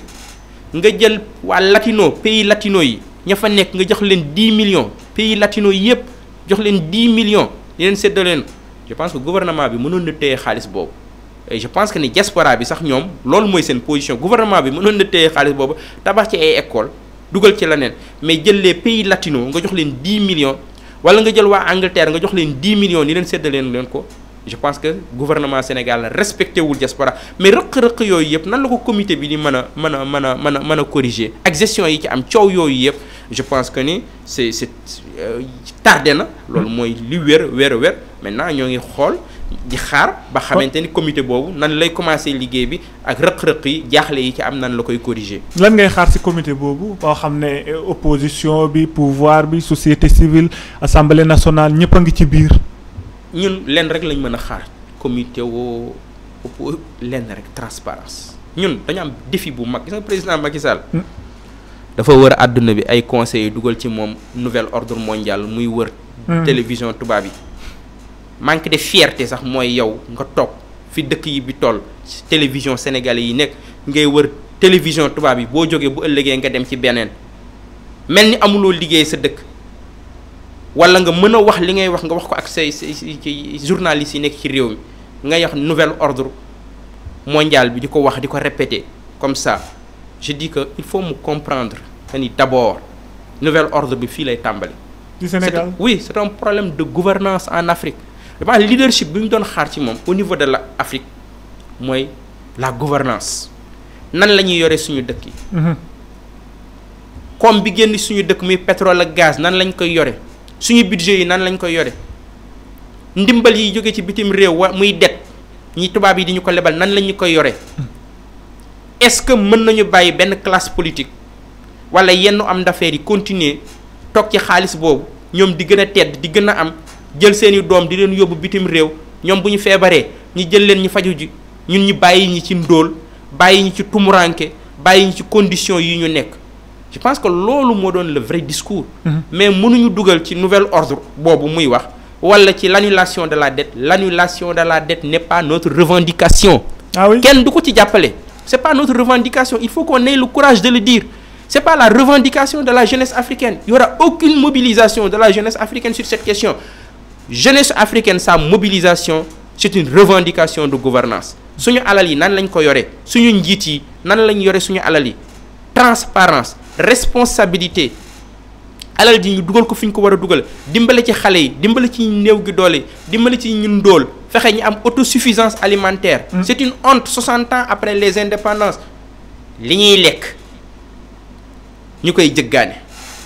on avez le Latino, pays latino. Vous avez le 10 millions. Pays latino, vous avez le 10 millions. Vous avez le je pense que gouvernement bi mënoon na téye xaalis boobu et je pense que ni diaspora bi sax ñoom loolu mooy seen position gouvernement bi mënoon na téye xaalis boobu tabax ci ay école dugal ci leneen mais jël les pays latino nga jox leen 10 million wala nga jël waa Angleterre nga jox leen 10 millions ni leen sedd leen ko je pense que gouvernement Sénégal respecté wul diaspora mais rëq-rëq yooyu yëpp nan la ko comité bi ni meuna meuna meuna meuna meuna corriger ak gestion yi ci am coow yooyu yëpp je pense que ni c'est c'est euh, tardé na loolu mooy li wér wér wér maintenant ñoo ngi xol di xaar ba xamanteni comité bobu nan lay commencer liggéey bi ak rëq-rëq yi jaaxle yi ci am nan la koy corriger. lan ngay xaar ci comité bobu boo xamné euh, opposition bi pouvoir bi société civile assemblée nationale ñëpp a ci biir. ñun lenn rek lañ mën a xaar comité woo lenn rek transparence ñun dañu am défi bu mag gis nga président Macky Sall hmm. dafa wër àdduna bi ay conseillers dugal ci moom nouvel ordre mondial muy wër. Hmm. télévision tubaab yi. manque de fierté sax mooy yow nga toog fi dëkk yi bi toll télévision sénégalais yi nekk ngay wër télévision tubaab yi boo jógee bu ëllëgee nga dem ci beneen mel ni amuloo liggéey sa dëkk. wala nga mën wax li ngay wax nga wax ko ak say journalistes yi nekk ci réew mi ngay wax nouvel ordre mondial bi di ko wax di ko répéter comme ça je dis que il faut mu comprendre que ni d'abord nouvel ordre bi fii lay tàmbali. du Sénégal oui c'est un problème de gouvernance en Afrique vraiment leadership bi ñu doon xaar ci moom au niveau de la Afrique mooy la gouvernance nan la ñuy yore suñu dëkk yi. comme mhm. bi génn suñu dëkk muy pétrole ak gaz nan lañ koy yore. suñu budget yi nan lañ koy yore ndimbal yi jóge ci bitim réew wa muy det ñi tubaab yi di ko lebal nan la ñu koy yore est-ce que mën nañu bàyyi benn classe politique wala yenn am d'affaires yi continuer toog ci xaalis boobu ñoom di gën a tedd di gën a am jël seeni doom di leen yóbbu bitim réew ñoom bu ñu feebaree ñu jël leen ñu faju ji ñun ñu bàyyi ñi ci ndóol bàyyi ñi ci tumuranke bàyyi ñi ci condition yi ñu nekk je pense que que me donne le vrai discours. Mhm. mais nous avons ci nouvel ordre l'annulation de la dette l'annulation de la dette n'est pas notre revendication. ah oui c'est pas notre revendication il faut qu'on ait le courage de le dire c'est pas la revendication de la jeunesse africaine il y aura aucune mobilisation de la jeunesse africaine sur cette question jeunesse africaine sa mobilisation c'est une revendication de gouvernance suñu un nan lañ ko yore suñu Alali transparence responsabilité Alors, ñu ko que ko wara dimbalé ci xalé yi ci gi ci am autosuffisance alimentaire. Hmm. c'est une honte 60 ans après les indépendances li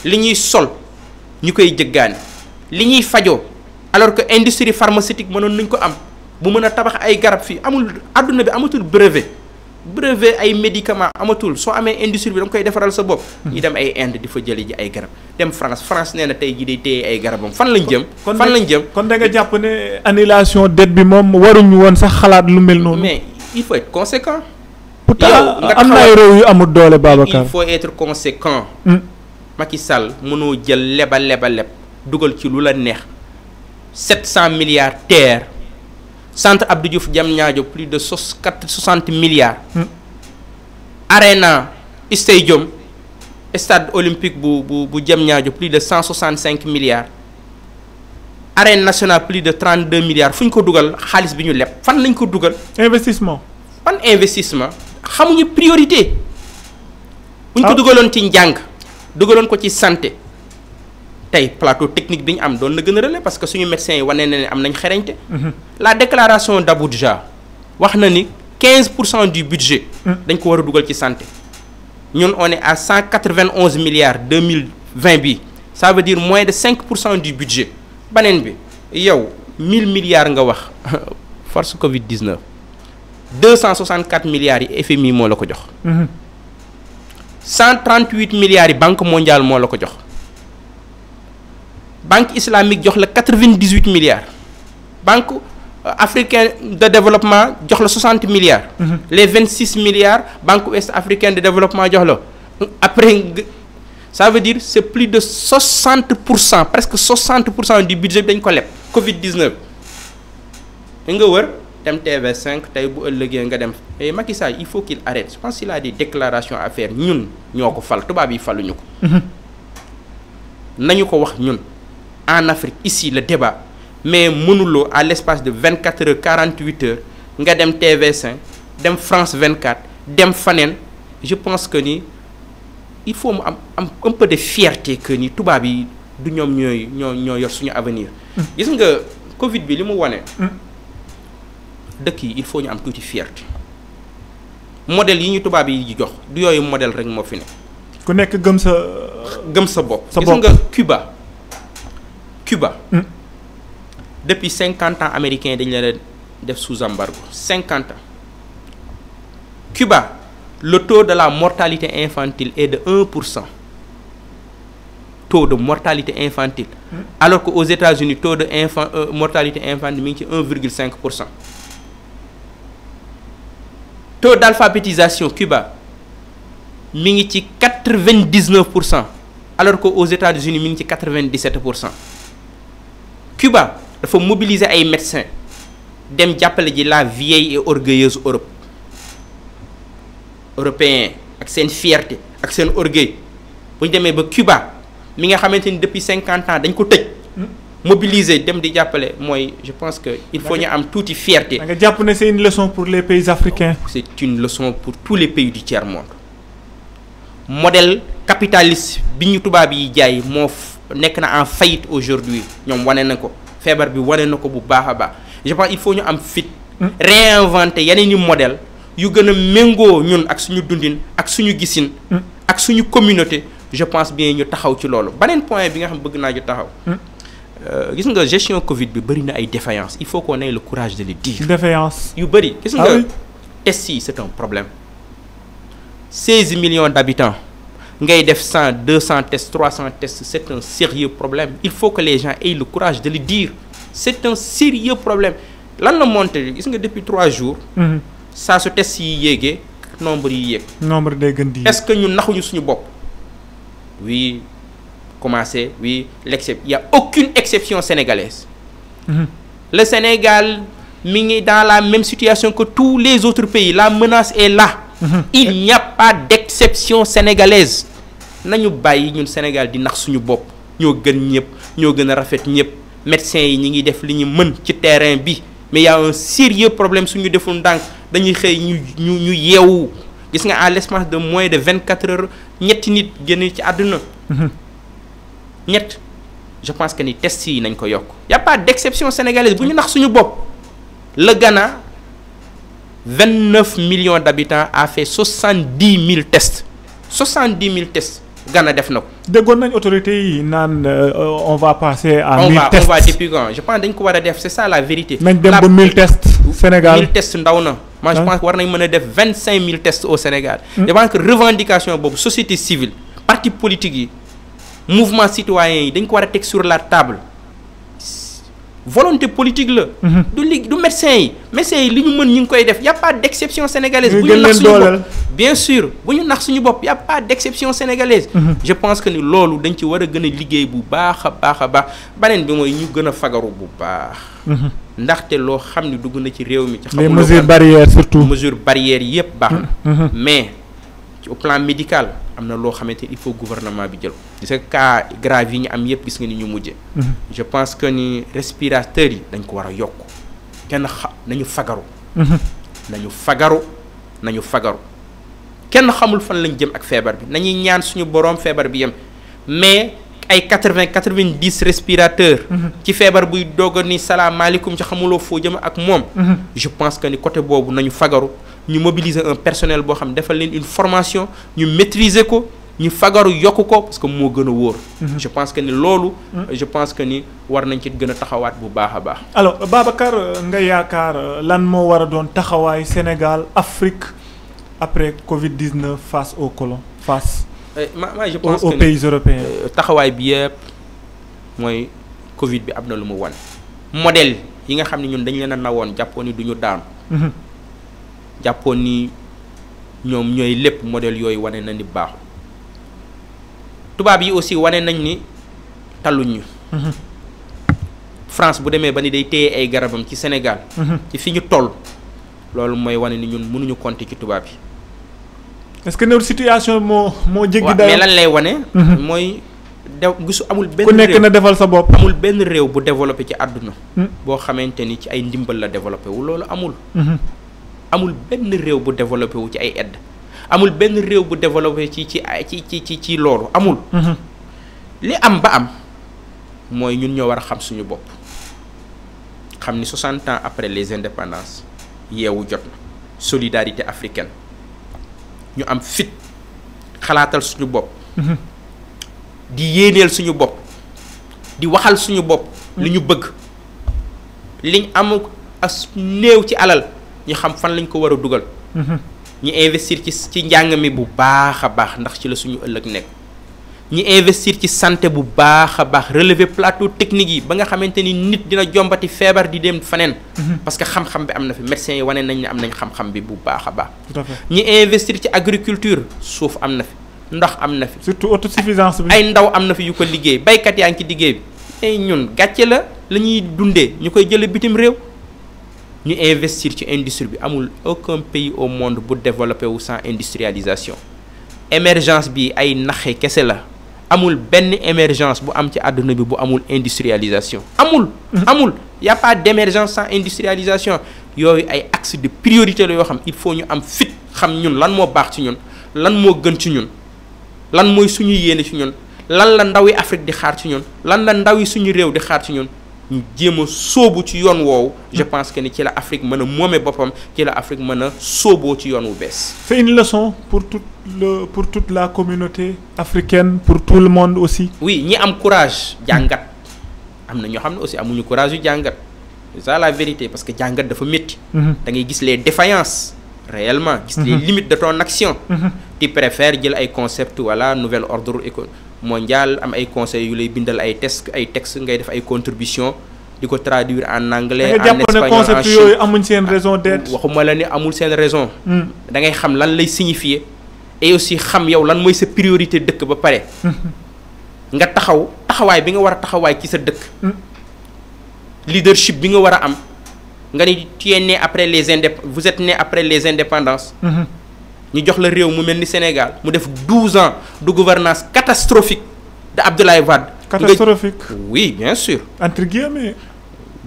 ñuy sol nous li alors que industrie pharmaceutique nañ ko am bu tabax ay garab fi amul aduna bi amatul brevet. brevet ay médicament amatul soo amee industrie bi da nga koy defaral sa bopp. Hmm. ñu dem ay Inde di fa jële ji ay garab dem France France nee na tey jii day téye ay garabam fan lañ jëm. fan lañ jëm kon danga nga jàpp ne annulation dette bi moom waruñu woon sax xalaat lu mel noonu. mais il faut être conséquent. pourtant am na ay yu amul doole Babacar. il faut être conséquent. Hmm. Macky Sall mënoo jël leba leba leb dugal ci lu la neex 700 milliards terre. centre Abdou Diouf ñaajo plus de sos quatre soixante milliards. Arena stadium stade olympique bu bu bu ñaajo plus de cent soixante cinq milliards. arène nationale plus de trente deux milliards fu ñu ko dugal xaalis bi ñu leb fan lañ ko dugal. investissement. fan investissement xamuñu priorité. bu ñu ko ah. dugaloon ci njàng. dugaloon ko ci santé le plateau technique parce que suñu médecin yi mhm. la déclaration d'Abuja wax 15% du budget mhm. de ko santé on est à 191 milliards 2020 ça veut dire moins de 5% du budget banen bi yow 1000 milliards nga wax [LAUGHS] force covid 19 264 milliards FMI la 138 mhm. milliards banque mondiale la ko banque islamique a 98 milliards banque euh, africaine de développement jox 60 milliards mhm. les 26 milliards banque ouest africaine de développement après ça veut dire c'est plus de 60% presque 60% du budget de la covid 19 tv5 eh, il faut qu'il arrête je pense qu'il a des déclarations à faire ñun nous, fal tuba bi ñuko wax ñun en Afrique ici le débat mais mënuloo à l'espace de 24 heures 48 heures nga dem TV5 dem France 24 dem Fanen, je pense que ni il faut am un peu de fierté que ni tout babi du ñom ñoy ñoy ñoy yor suñu avenir. gis nga Covid bi limu mu wane. yi il faut ñu am fierté modèle yi ñu bi yi jox du modèle rek mo fi ku nekk gëm sa. gëm sa nga Cuba. Cuba. Mm. depuis 50 ans américains est sous embargo 50 ans. Cuba le taux de la mortalité infantile est de 1%. taux de mortalité infantile. Mm. alors qu'aux États-Unis taux de euh, mortalité infantile est de 1,5%. taux d'alphabétisation Cuba est alors qu'aux États-Unis 97%. 97%. Cuba faut mobiliser les médecins dem jàppale ji la vieille et orgueilleuse Europe européen ak fierté ak orgueil Vous ñu Cuba mi nga depuis 50 ans dañ ko mobiliser dem di je pense que il faut ñu am toute fierté. da c'est une leçon pour les pays africains. c'est une leçon pour tous les pays du tiers monde modèle capitaliste binou ñu tubaab yi jaay nek na en faillite aujourd'hui ñom wané nako ko bi wané nako bu baaxa ba je pense il faut ñu am fit hmm. réinventer yeneen i modèle yu gëna mengo ñun ak suñu dundin ak suñu gisin hmm. ak suñu communauté je pense bien ñu taxaw ci lolu banen point bi nga xam bëgg na ju taxaw hmm. euh, gis nga gestion Covid bi bari na ay défaillance il faut qu'on ait le courage de le dire. défaillance yu bari gis nga ah test yi c'est un problème. 16 millions d'habitants ngay def tests 300 tests C'est un sérieux problème il faut que les gens aient le courage de le dire C'est un sérieux problème Là, le monté depuis trois jours. ça mhm. se teste yi nombre yi nombre de est ce que nous n'avons suñu bop oui commencer, oui Il n'y y' a aucune exception sénégalaise. Mhm. le Sénégal est dans la même situation que tous les autres pays la menace est là. Mhm. il n'y a pas d'exception sénégalaise nous bayyi ñun Sénégal di nax suñu bop ñoo gën ñëpp médecins yi ñi ngi def terrain y a un sérieux problème suñu deful dañuy ñu ñu de moins de 24 heures nit ci mhm. je pense que ni test yi nañ ko a pas d'exception sénégalaise bu ñu nax le Ghana 29 millions d'habitants a fait 70 000 tests 70 000 tests Ghana def nako ko. déggoon nañ autorité yi nan euh, on va passer à. on va on va depuis quand je pense dañ ko wara def c'est ça la vérité. nañ dem ba 1000 tests Sénégal 1000 tests ndaw na. je hein? pense war nañ mëna def 25000 tests au Sénégal. Hein? je pense que revendication boobu société civile parti politique yi mouvement citoyen yi dañ ko wara tek sur la table volonté politique la. Mhm. du du médecin y' a pas d'exception sénégalaise. bien sûr bu ñu y' a pas d'exception sénégalaise. Mhm. je pense que ni loolu dañ ci war a gën a liggéey bu baax a baax a bi mooy ñu bu mhm. ci réew mi. ci mesure surtout. mesure barrière mais au plan médical il faut gouvernement bi jël cas grave yi ñu am mhm. je pense que ni respirateurs yi dañ ko wara yok kenn nañu fagaru mhm. nañu fagaru nañu fagaru kenn xamul fan sont jëm ak fièvre bi ñaan suñu Borom bi mais ay 80 90 respirateur ci fièvre buy qui ni salam alaykum ci jëm mhm. je pense que ni côté bobu nañu ñu mobiliser un personnel bo xam defal leen une formation ñu maîtriser ko ñu fagarou yokko ko parce que mo gën a mhm. je pense que ni lolu mhm. je pense que ni war nañ ci gën taxawat bu baaxa baax. alors Babacar euh, nga yaakaar euh, lan mo war don taxaway Sénégal Afrique après Covid 19 face aux colons face. Euh, je pense aux pays européens taxaway bi yëpp moy Covid bi am lu mu modèle yi nga xam ñun dañ leena nawone nawoon jàppoon ni du ñu jàppoon nii ñoom ñooy lépp modèle yooyu wane na ni baaxul tubaab yi aussi wane nañ ni taluñ ñu mhm. France bu demee ba ni day téye ay garabam ci Sénégal mhm. ci fi ñu toll loolu mooy wane ni ñun mënuñu compter ci tubaab yi est-ce que néew situation moo moo jéggi dayo mais lan lay wane mhm. mooy de gisu amul benn defal sa bopp benn réew bu développé ci àdduna boo xamante ni ci ay ndimbal la développé wu loolu amul amul benn réew bu développé wu ci ay edd amul benn réew bu développé ci ci ci ci ci loolu amul. Mm-hmm. li am ba am mooy ñun ñoo war a xam suñu bopp xam ni 60 ans après les indépendances yeewu jot na solidarité africaine ñu am fit xalaatal suñu bopp. Mm-hmm. di yéeneel suñu bopp di waxal suñu bopp. Mm-hmm. lu ñu bëgg liñ am as néew ci alal. ñu xam fan lañ ko war a dugal. Mhm. ñu investir ci ci njàng mi bu baax a baax ndax ci la suñu ëllëg nekk. ñu investir ci santé bu baax a baax relever plateau technique yi ba nga xamante ni nit dina jombati feebar di dem faneen. Mhm. parce que xam-xam bi am na fi médecins yi wane nañ ne am nañ xam-xam bi bu baax a baax. ñi investir ci agriculture suuf am na fi ndox am na fi. surtout autosuffisance bi. ay ndaw am na fi yu ko liggéey baykat yaa ngi ci liggéey bi. ay ñun gàcce la la ñuy dundee ñu koy jëlee bitim réew. ñu investir ci industrie bi amul aucun pays au monde bu développer wu sans industrialisation émergence bi ay naxe kese la amul benn émergence bu am ci àdduna bi bu amul industrialisation amul mhm. amul y a pas d'émergence sans industrialisation yooyu ay axe de priorité il faut ñu am fit xam ñun lan moo pour ci ñun lan est gën ci ñun lan qui suñu yéene ci ñun lan la ndawi Afrique di xaar ci ñun lan la ndawi suñu réew di nous jéem ci je pense que ni ci la Afrique mën a moome boppam c'est une leçon pour toute le pour toute la communauté africaine pour tout le monde aussi oui ñi am courage jàngat am nous aussi amuñu courage c'est ça la vérité parce que jàngat dafa un mhm. da ngay gis les défaillances réellement les mhm. limites de ton action mhm. tu préfères jël ay concept de nouvel ordre économique mondial am ay conseils yu lay bindal ay ay textes ngay def ay contributions diko traduire en anglais en espagnol en chinois ah, raison d'être waxuma la amul raison. Hmm. da ngay xam lan et aussi xam yow lan sa priorité ba [LAUGHS] nga taxaw bi nga ci sa hmm. leadership bi nga am tu après les vous êtes né après les indépendances. Hmm ñu jox la réew mu mel ni Sénégal mu def 12 ans de gouvernance catastrophique de Abdoulaye Wade. catastrophique oui bien sûr. entre guillemets.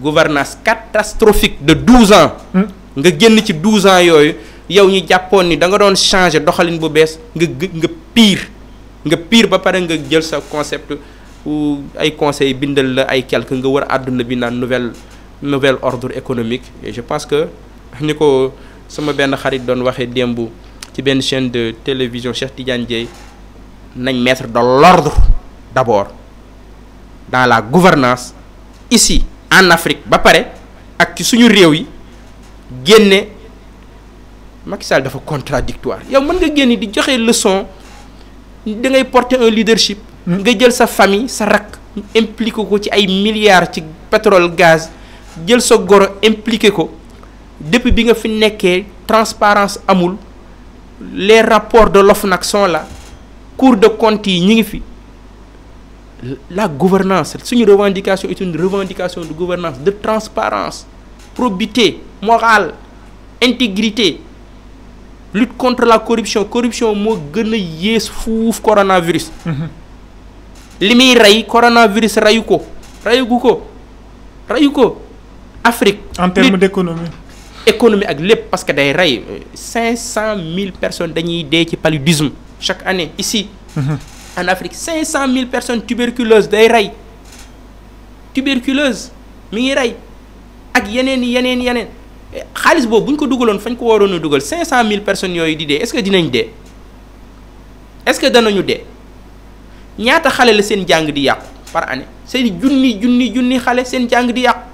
gouvernance catastrophique de 12 ans. Hmm. nga génn ci 12 ans yooyu yow ñu jàppoon ni da nga doon changer doxalin bu bees nga nga pire nga pire ba pare nga jël sa concept ou ay conseil bindal la ay quelque nga war àdduna bi naan nouvelle nouvelle ordre économique et je pense que ni ko sama benn xarit doon waxee démb ci une chaîne de télévision Cheikh Tidiane Dieye mettre de l'ordre d'abord dans la gouvernance ici en Afrique ba paré ak ci suñu réew yi génne Macky Sall dafa contradictoire yow mën nga génn di joxé leçon da ngay porter un leadership hmm. nga jël sa famille sa rak impliqué ko ci ay milliards ci pétrole gaz jël sa goro impliqué ko depuis bi nga fi nekkee transparence amul les rapports de l'OFNAC sont là cours de compte la gouvernance une revendication est une revendication de gouvernance de transparence probité morale intégrité lutte contre la corruption corruption c'est le coronavirus mm-hmm. Limi meilleurs coronavirus c'est ko Afrique en termes d'économie économie ak lepp parce que day ray 500000 euh, personnes dañuy dé ci paludisme chaque année ici mhm. en Afrique 500000 personnes tuberculeuses day ray tuberculeuse mi ngi ray ak yenen yenen yenen xaliss bobu buñ ko dugulon fañ ko warono 500 500000 personnes yoy di dé est-ce que dinañ dé est-ce que danañu dé ñaata xalé la seen jang di yaq par année seen jouni jouni jouni xalé seen jang di yaq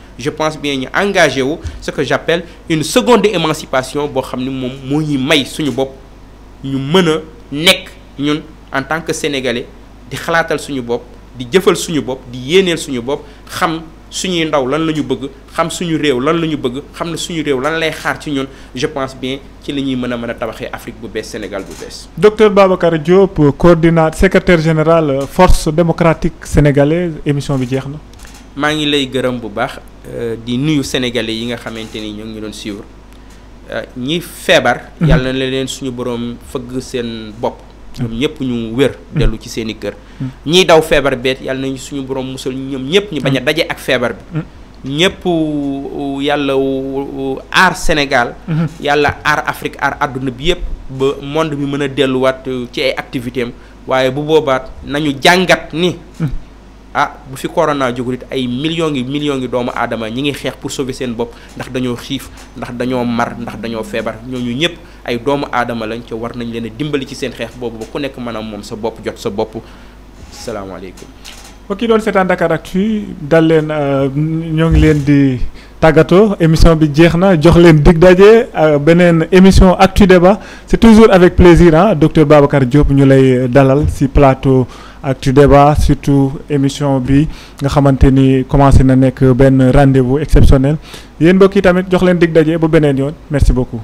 je pense bien ñu engagé wu ce que j'appelle une seconde émancipation bo xamni mom moy moo may suñu bop ñu mëna nek ñun en tant que sénégalais di xalatal suñu bop di jëfal suñu bop di yéeneel suñu bop xam suñuy ndaw lan lañu bëgg xam suñu réew lan lañu bëgg xam ne suñu réew lan lay xaar ci ñun je pense bien ci li ñuy mën a mën a tabaxee Afrique bu bees Sénégal bu bees. docteur Babacar Diop coordinateur secrétaire général force démocratique sénégalaise émission bi jeex na. maa ngi lay gërëm bu baax Euh, di nuyu sénégalais yi nga xamante ni ñoo ngi ñu doon suivre euh, ñi feebar. Mhm. yàlla na leen suñu boroom fëgg seen bopp. Mhm. ñoom ñëpp ñu wér. Mhm. dellu ci seen i kër. ñiy daw feebar beet yàlla nañu suñu borom musal ñoom ñëpp ñu bañ a daje ak feebar bi. ñëpp yàlla aar Sénégal. yàlla aar Afrique aar àdduna bi yëpp. ba monde bi mën a delluwaat ci ay activité waaye bu boobaat nañu jàngat ni. ah bu fi corona jógul it ay millions ngi millions ngi doomu aadama ñi ngi xeex pour sauver seen bopp ndax dañoo xiif ndax dañoo mar ndax dañoo feebar ñooñu ñëpp ay doomu aadama lañ ca war nañ leen dimbali ci seen xeex boobu ba ku nekk maanaam moom sa bopp jot sa bopp salaamaaleykum. mbokk yi doon seetaan Dakaractu dal leen euh, ñoo ngi leen di tàggatoo émission bi jeex na jox leen dig daje euh, beneen émission Actu ba c'est toujours avec plaisir ah docteur Babacar Diop ñu lay dalal si plateau. actu débat surtout émission bi nga xamante ni commencé na nekk benn rendez-vous exceptionnel yéen mbokk yi tamit jox leen dig daje ba beneen yoon merci beaucoup